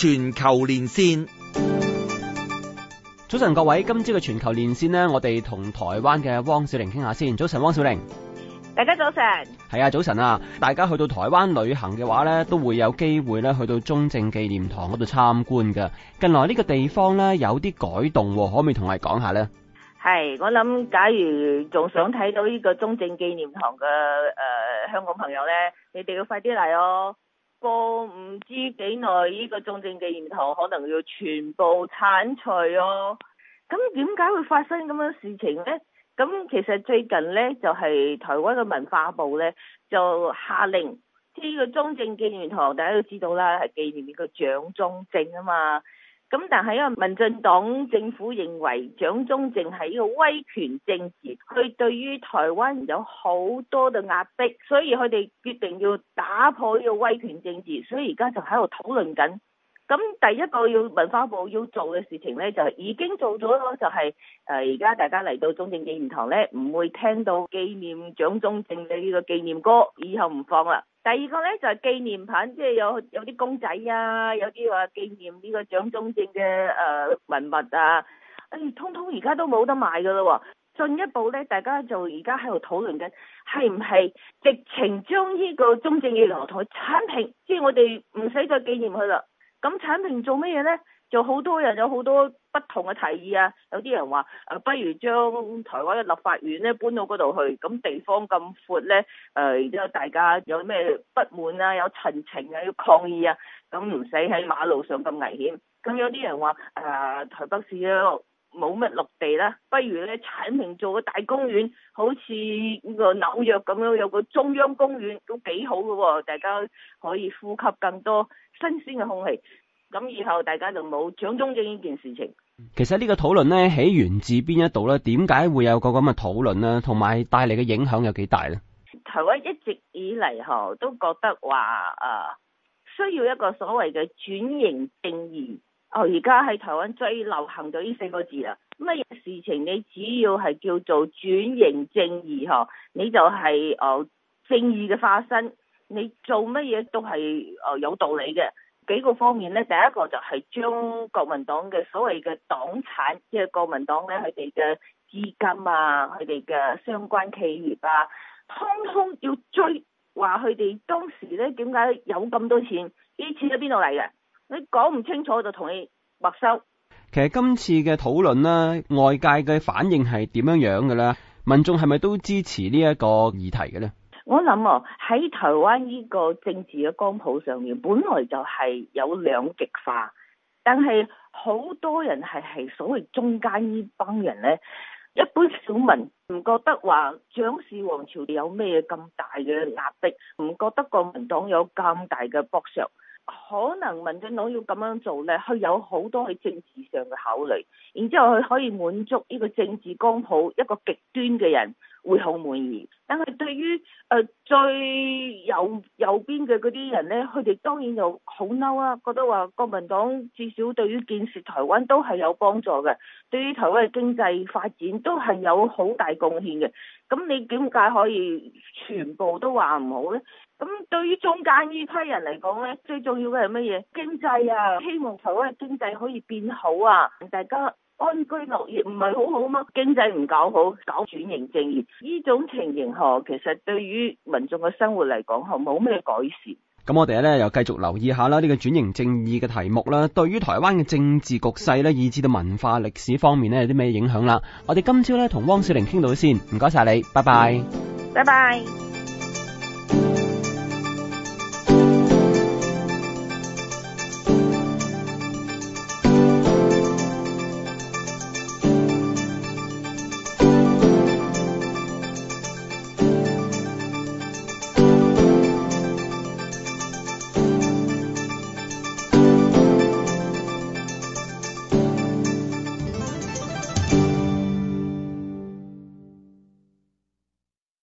全球連線，早晨各位，今朝嘅全球連線呢，我哋同台灣嘅汪小玲傾下先。早晨，汪小玲，大家早晨，係啊，早晨啊，大家去到台灣旅行嘅話呢，都會有機會呢去到中正紀念堂嗰度參觀㗎。近來呢個地方呢有啲改動，可唔可以同我哋講下呢？係，我諗假如仲想睇到呢個中正紀念堂嘅誒香港朋友呢，你哋要快啲嚟哦。過唔知幾耐，呢個中正紀念堂可能要全部鏟除哦，咁點解會發生咁樣事情呢？咁其實最近呢，就係、是、台灣嘅文化部呢，就下令，呢個中正紀念堂大家都知道啦，係紀念呢個蔣中正啊嘛。咁但係因為民進黨政府認為蔣中正係呢個威權政治，佢對於台灣有好多嘅壓迫，所以佢哋決定要打破呢個威權政治，所以而家就喺度討論緊。咁第一個要文化部要做嘅事情呢，就係已經做咗咯、就是，就係誒而家大家嚟到中正紀念堂呢，唔會聽到紀念蔣中正嘅呢個紀念歌，以後唔放啦。第二個呢，就係、是、紀念品，即係有有啲公仔啊，有啲話紀念呢個蔣中正嘅誒、呃、文物啊，誒、哎、通通而家都冇得買噶啦。進一步呢，大家就而家喺度討論緊，係唔係直情將呢個中正紀念堂同佢拆平，即係我哋唔使再紀念佢啦。咁產權做乜嘢呢？就好多人有好多不同嘅提議啊！有啲人話誒，不、啊、如將台灣嘅立法院咧搬到嗰度去，咁地方咁闊呢，誒然之後大家有咩不滿啊，有陳情啊，要抗議啊，咁唔使喺馬路上咁危險。咁有啲人話誒、呃，台北市冇乜綠地啦，不如咧，剷平做個大公園，好似個紐約咁樣，有個中央公園都幾好嘅喎。哦，大家可以呼吸更多新鮮嘅空氣。咁以後大家就冇掌中正呢件事情。其實呢個討論呢，起源自邊一度呢？點解會有個咁嘅討論呢？同埋帶嚟嘅影響有幾大呢？台灣一直以嚟嗬都覺得話啊，需要一個所謂嘅轉型正義。哦，而家喺台灣最流行就呢四個字啦。乜嘢事情你只要係叫做轉型正義嗬，你就係哦正義嘅化身。你做乜嘢都係哦有道理嘅。幾個方面呢，第一個就係將國民黨嘅所謂嘅黨產，即係國民黨呢，佢哋嘅資金啊，佢哋嘅相關企業啊，通通要追話佢哋當時呢，點解有咁多錢？呢啲錢喺邊度嚟嘅？你講唔清楚就同你沒收。其實今次嘅討論咧，外界嘅反應係點樣樣嘅咧？民眾係咪都支持呢一個議題嘅咧？我諗哦、啊，喺台灣呢個政治嘅光譜上面，本來就係有兩極化，但係好多人係係所謂中間呢幫人呢，一般小民唔覺得話蔣氏王朝有咩咁大嘅壓迫，唔、嗯、覺得國民黨有咁大嘅剝削。可能民進黨要咁樣做呢，佢有好多喺政治上嘅考慮，然之後佢可以滿足呢個政治光譜一個極端嘅人會好滿意。但係對於誒、呃、最右右邊嘅嗰啲人呢，佢哋當然就好嬲啊，覺得話國民黨至少對於建設台灣都係有幫助嘅，對於台灣嘅經濟發展都係有好大貢獻嘅。咁你點解可以全部都話唔好呢？咁對於中間呢批人嚟講咧，最重要嘅係乜嘢？經濟啊，希望台灣嘅經濟可以變好啊，大家安居樂業，唔係好好嗎？經濟唔搞好，搞轉型正義，呢種情形嗬，其實對於民眾嘅生活嚟講嗬，係冇咩改善。咁我哋咧又繼續留意下啦，呢個轉型正義嘅題目啦，對於台灣嘅政治局勢呢，以至到文化歷史方面呢，有啲咩影響啦？我哋今朝呢，同汪小玲傾到先，唔該晒你，拜拜，拜拜。